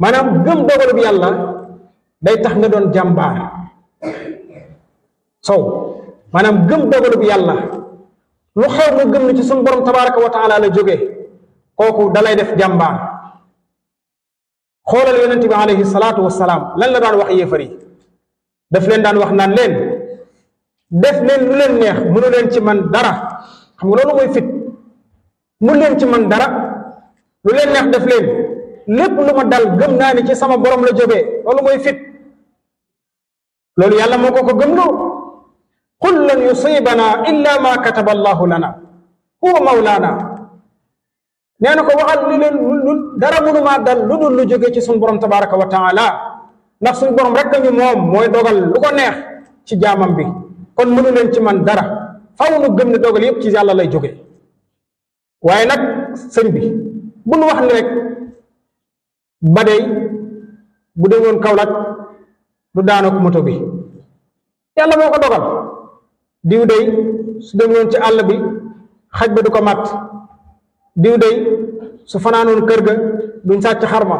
maanaam gëm dogalub yàlla day tax nga doon jàmbaar sow maanaam gëm dogalub yàlla lu xew nga gëm ni ci suñu borom tabaraka wa taala la jóge kooku dalay def jàmbaar xoolal yonente bi alayhi salaatu salaam lan la daan wax yéefar yi daf leen daan wax naan leen def leen lu leen neex mënu leen ci man dara xam nga loolu mooy fit mun leen ci man dara lu leen neex def leen lépp lu ma dal gëm naa ni ci sama borom la jógee loolu mooy fit loolu yàlla moo ko ko gëmloo qul lan yusibana illa ma kataba allahu lana huwa mawlaana nee na ko waxal ni leen lu dara mënumaa dal lu lu jógee ci suñu borom tabaraka wa taala ndax suñu borom rek ñu moom mooy dogal lu ko neex ci jaamam bi kon mënu leen ci man dara faw nu gëm ne dogal yépp ci yàlla lay jógee waaye nag sëñ bul wax ni rek ba dey bu demoon Kaolack du daanoo ku moto bi yàlla boo ko dogal diw dey su demoon ci àll bi xaj ba du ko matt diw dey su fanaanoon kër ga duñ sàcc xarma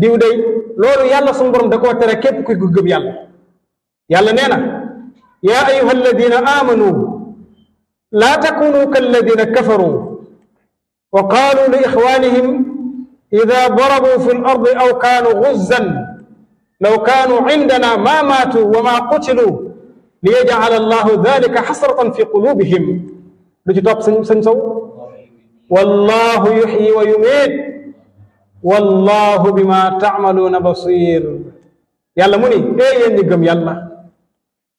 diw dey loolu yàlla suñu borom da koo tere képp kuy gëm yàlla yàlla nee na yaa ayuha alladina amanu laa takunu kalladina kafaru wa qaalu li ixwanihim إذا ضربوا في الأرض أو كانوا غزا لو كانوا عندنا ما ماتوا وما قتلوا ليجعل الله ذلك حسرة في قلوبهم lu ci topp sëñ sëñ Sow wallahu yuxyi wa yumiit wallahu bima taamaluuna basir yàlla mu ni ee yéen ñi gëm yàlla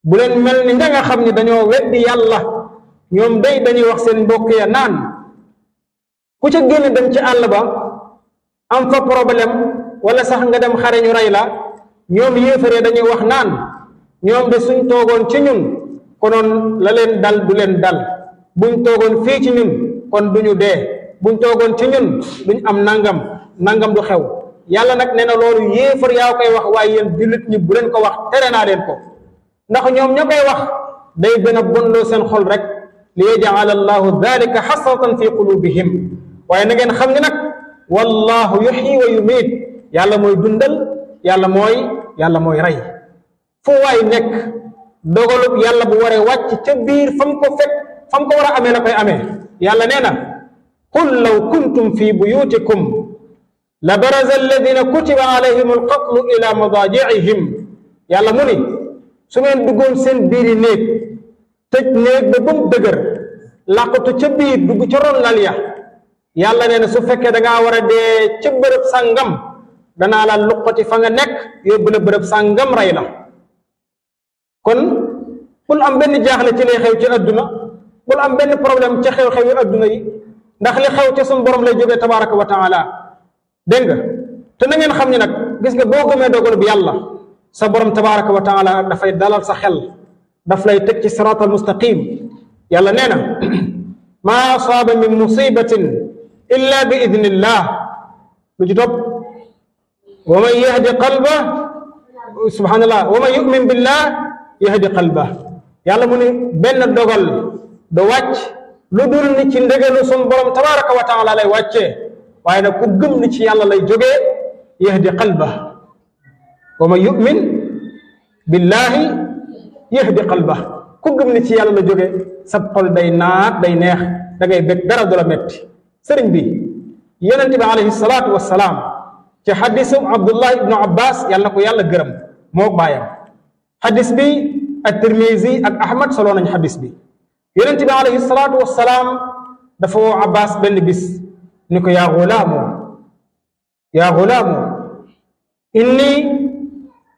bu leen mel ni ña nga xam ni dañoo weddi yàlla ñoom day dañuy wax seen mbokk ya naan ku ca génn dem ci àll ba am fa problème wala sax nga dem xare ñu rey la ñoom yéefaree dañuy wax naan ñoom de suñ toogoon ci ñun konoon la leen dal du leen dal buñ toogoon fii ci ñun kon duñu dee buñ toogoon ci ñun duñ am nangam nangam du xew yàlla nag nee na loolu yéefar yaa koy wax waaye yéen jullit ñi bu leen ko wax tere naa leen ko ndax ñoom ña koy wax day gën a bonloo seen xol rek li yaj'ala allahu dalika xasratan fi qulubihim waaye na xam ne nag wallahu yuxyi yumiit yàlla mooy dundal yàlla mooy yàlla mooy rey fu waay nekk dogalub yàlla bu waree wàcc ca biir fam ko fekk fam ko war a amee la koy amee yàlla nee na qul law kuntum fi buyutikum la baraza alladina kutiba alayhim alqatlu ila madaaji'ihim yàlla mu ni su ngeen duggoon seen biiri néeg tëj néeg ba ba mu dëgër làqatu ca biir dugg ca ron yàlla nee na su fekkee da ngaa war a dee ci bërëb sàngam danaa la luqati fa nga nekk yóbbu la bërëb ngam rey la kon bul am benn jaaxle ci lay xew ci adduna bul am benn problème ci xew-xewi adduna yi ndax li xew ci suñu borom lay jógee tabaraka wa taala dégg nga te na ngeen xam ne nag gis nga boo gëmee dogal yàlla sa borom tabaraka wa taala dafay dalal sa xel daf lay teg ci siraat al mustaqim yàlla nee na maa asaaba min musibatin illa bi idnillah lu ci topp wa man yahdi qalba subhanallah wa man yumin billah yahdi qalba yàlla mu ne benn dogal du wàcc lu dul ni ci ndegelu sun borom tabaraka wa taala lay wàccee waaye nag ku gëm ni ci yàlla lay jógee yahdi qalba wa man yumin billahi yahdi qalba ku gëm ni ci yàlla la jóge sab xol day naat day neex da ngay bég dara du la metti sëriñ bi yonent bi alayhi salaatu wassalaam ci xadisum abdullah ibnu abbas yàlla ko yàlla gërëm moo baayam xadis bi ak ak ahmad soloo nañ xadis bi yonent bi alayhi salaatu wassalaam dafa woo abbas benn bis ni ko yaa xulaamu yaa xulaamu inni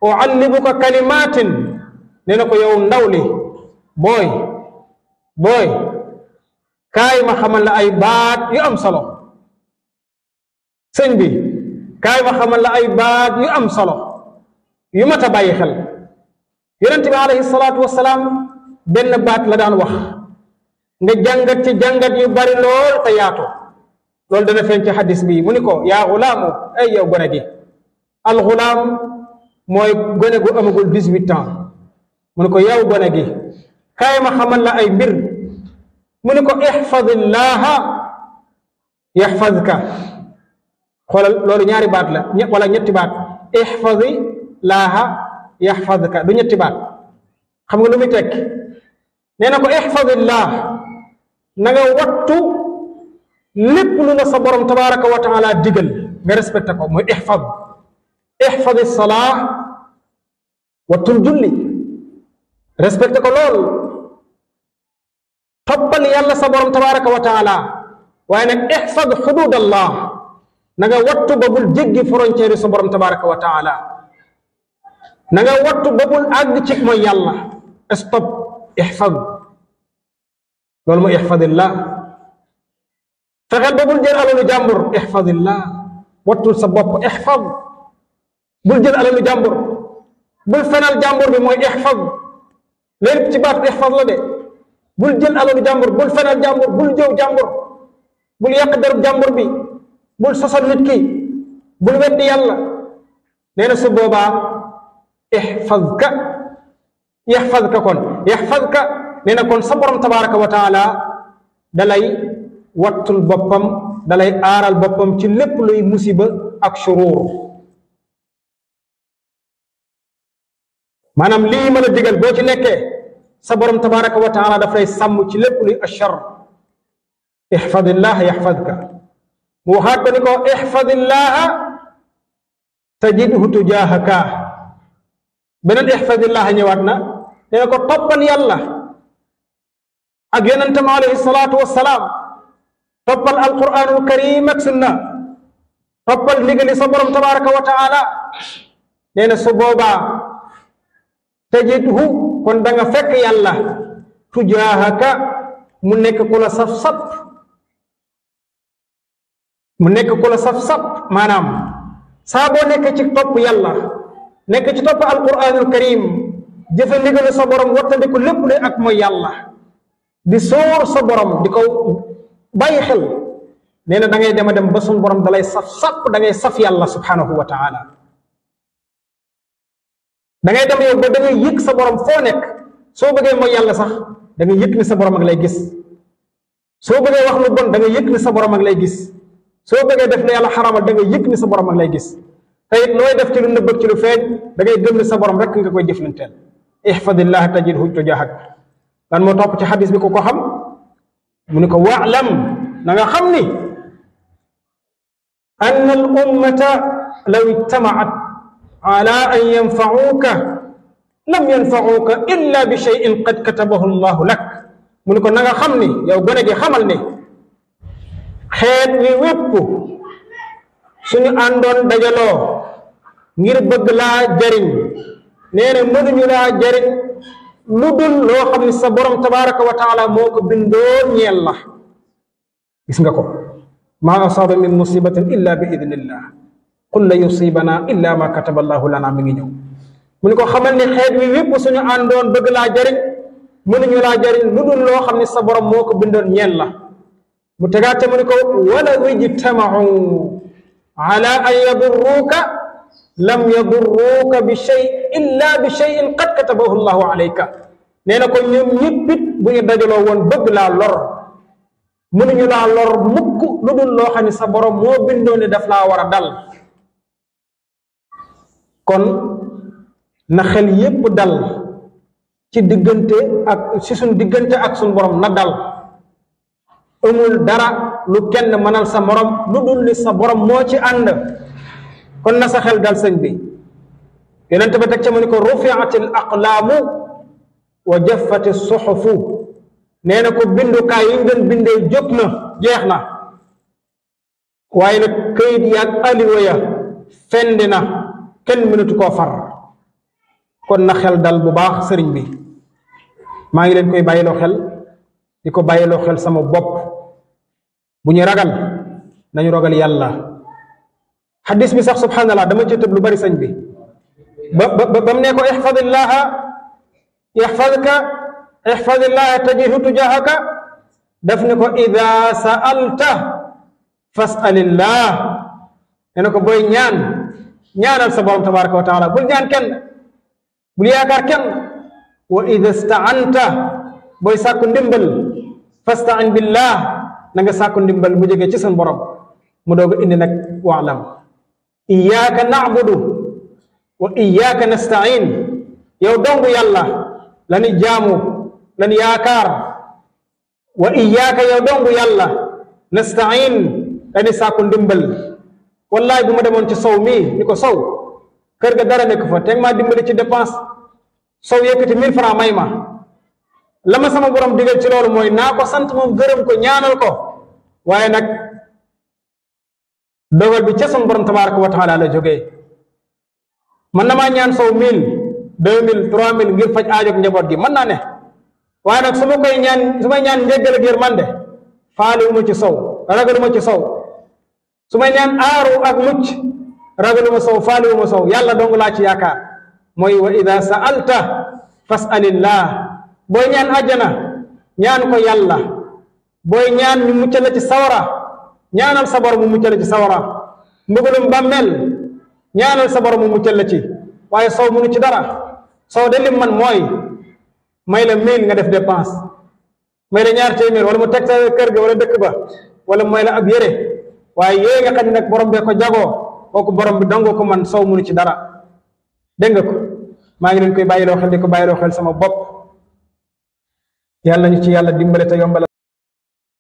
uallimuka kalimatin nee na ko yow ndaw li booy booy kaay ma xamal la ay baat yu am solo sëñ bi kaay ma xamal la ay baat yu am solo yu mat a bàyyi xel yonent bi alayhi salaatu wasalaam benn baat la daan wax nga jàngat ci jàngat yu bari lool te yaatu loolu dana feeñ ci xadis bi mu ni ko yaa xulaamu ay yow gone gi alxulaam mooy gone gu amagul dix-huit ans mu ni ko yow gone gi kaay ma xamal la ay mbir mu ne ko ihfadillaha yahfadka xoolal loolu ñaari baat la wala ñetti baat ihfadillaha yahfadka du ñetti baat xam nga lu muy tekk nee na ko ihfadillah na nga wattu lépp lu na sa borom tabaraka wa taala digal nga respecté ko mooy ihfad ihfadi salaa wattul julli respecté ko lool toppal yàlla sa borom tabaraka wa taala waaye nag ixfad xududallah na nga wattu ba bul jéggi frontière sa borom tabaraka wa taala na nga wattu ba bul àgg ci mooy yàlla stop ixfad loolu mooy ixfadillah fexeel ba bul jël alalu jàmbur ixfadillah wattul sa bul jël alalu jàmbur bul fenal jàmbur bi mooy ixfad lépp ci baatu ixfad la de bul jël alalu jàmbur bul fenal jàmbur bul jëw jàmbur bul yàq derub jàmbur bi bul sosal nit ki bul weddi yàlla nee na su boobaa ixfadka yaxfadka kon yaxfadka nee na kon sa borom tabaraka wa taala dalay wattul boppam dalay aaral boppam ci lépp luy musiba ak shuruur maanaam lii ma la digal boo ci nekkee sa borom tabaraka wa taala daf lay sàmm ci lépp luy achar ixfadillah yaxfadka mu waxaat ko ni ko ixfadillaha tajidhu tujaahaka beneen ixfadillaha ñëwaat na nee na ko toppal yàlla ak yonentam alayhi salaatu wassalaam toppal alquranul karim ak sunna toppal ndigali sa borom tabaraka wa taala nee na su kon da nga fekk yàlla tujaahaka mu nekk ku la saf-saf mu nekk ku la saf-saf maanaam saa boo nekk ci topp yàlla nekk ci topp alquranul karim jëfe ndigalu sa borom wattandiku lépp le ak mooy yàlla di sóor sa borom di ko bàyyi xel nee na da ngay dema dem ba sun borom da lay saf-saf da ngay saf yàlla subhanahu wa taala da ngay dem yow ba da ngay sa borom foo nekk soo bëggee mooy yàlla sax dangay ngay ni sa borom ak lay gis soo bëggee wax lu da ngay yëg sa borom ak lay gis soo bëggee def na yàlla xaraamal da ngay yëg ni sa borom ak lay gis te it nooy def ci lu nëbb ak ci lu feeñ dangay ngay gëm ni sa borom rek nga koy jëflanteel ihfadillah tajidhu tujaahak lan moo topp ci xadis bi ku ko xam mu ne ko waalam na nga xam ni anna al ummata law ijtamaat ala an yanfauka lam yanfauka illa bi cheyin qad katabahu llahu lak mu ni ko na nga xam ni yow gone gi xamal ni xeet wi wépp suñu àndoon dajaloo ngir bëgg laa jariñ nee na mënuñu laa jariñ lu dul loo xam ni sa borom tabaraka wa taala moo ko bindoo ñeel la gis nga ko maa asaaba min musibatin illa bi idnillah qul la yusibana illa ma kataba allahu lana mi ngi ñëw mu ne ko xamal ni xeet wi wépp suñu àndoon bëgg laa jariñ mënuñu laa jariñ lu dul loo xam ne sa borom moo ko bindoon ñeen la mu tegaate mu ne ko walaw ijtamacu ala an yadurruuka lam yadurruuka bi shay illa bi shayin qad katabahu llahu alayka nee na ko ñoom ñëpp it bu ñu dajaloo woon bëgg laa lor mënuñu laa lor mukk lu dul loo xam ne sa borom moo bindoon ne daf laa war a dal kon na xel yépp dal ci diggante ak ci suñ diggante ak suñ borom na dal amul dara lu kenn mënal sa morom lu dul li sa borom moo ci ànd kon na sa xel dal sëñ bi yonent ba teg ca mu ni ko rufiati l aqlaamu wa jafati suxufu nee na ko bindukaay yi ngeen bindee jóg na jeex na waaye nag këyit yaag aliwa ya fendi na kenn mënatu koo far kon na xel dal bu baax sëriñ bi maa ngi leen koy bàyyiloo xel di ko bàyyiloo xel sama bopp bu ñu ragal nañu ragal yàlla xaddis bi sax subhanallah dama ci lu bari sëñ bi ba ba ba mu ne ko ixfadillaha yaxfadka ixfadillaha tajidhu tujahaka daf ne ko ida saalta fasalillah ne na ko booy ñaan ñaanal sa borom tabaraka wa taala bul ñaan kenn bul yaakaar kenn wa ida staanta booy sàkku ndimbal fastaan billah na nga sàkku mu jógee ci seen boro mu doog a indi nag waalam iyaaka naabudu wa iyaaka nastain yow dongu yàlla lanu jaamu lanu yaakaar wa iyaaka yow dongu yàlla nastain lanu sàkku ndimbal wallaay bu ma demoon ci sow mii ni ko sow kër ga dara nekk fa teg maa dimbali ci dépense sow yëkkati 1000 francs may ma la ma sama borom digal ci loolu mooy naa ko sant moo gërëm ko ñaanal ko waaye nag dogal bi ca sama borom tabaraka wa taala la joge man na maa ñaan sow 1000 2000 3000 ngir faj aajoog njaboot gi mën naa ne waaye nag su ma koy ñaan su may ñaan njéggal ak yërmande faaliwuma ci sow ragaluma ci sow su may ñaan aaru ak mucc ragaluma sow faaliwuma soow yàlla dong laa ci yaakaar mooy wa ida sa'alta fas'alillah booy ñaan àjjana ñaan ko yàlla booy ñaan ñu mucc la ci sawara ñaanal sa borom mu mucc la ci sawara mbugalum bàmmeel ñaanal sa borom mu mucc la ci waaye sow mënu ci dara soo de lim man mooy may la mil nga def dépense may la ñaar téeméer wala mu teg sa kër wala dëkk ba wala may la ab yére waaye yooyu nga xam nag borom bee ko jagoo kooku borom bi dangoo ko man sow munu ci dara dégg nga ko maa ngi leen koy bàyyiloo xel di ko bàyyiloo xel sama bopp yàlla ñu ci yàlla dimbale te yombal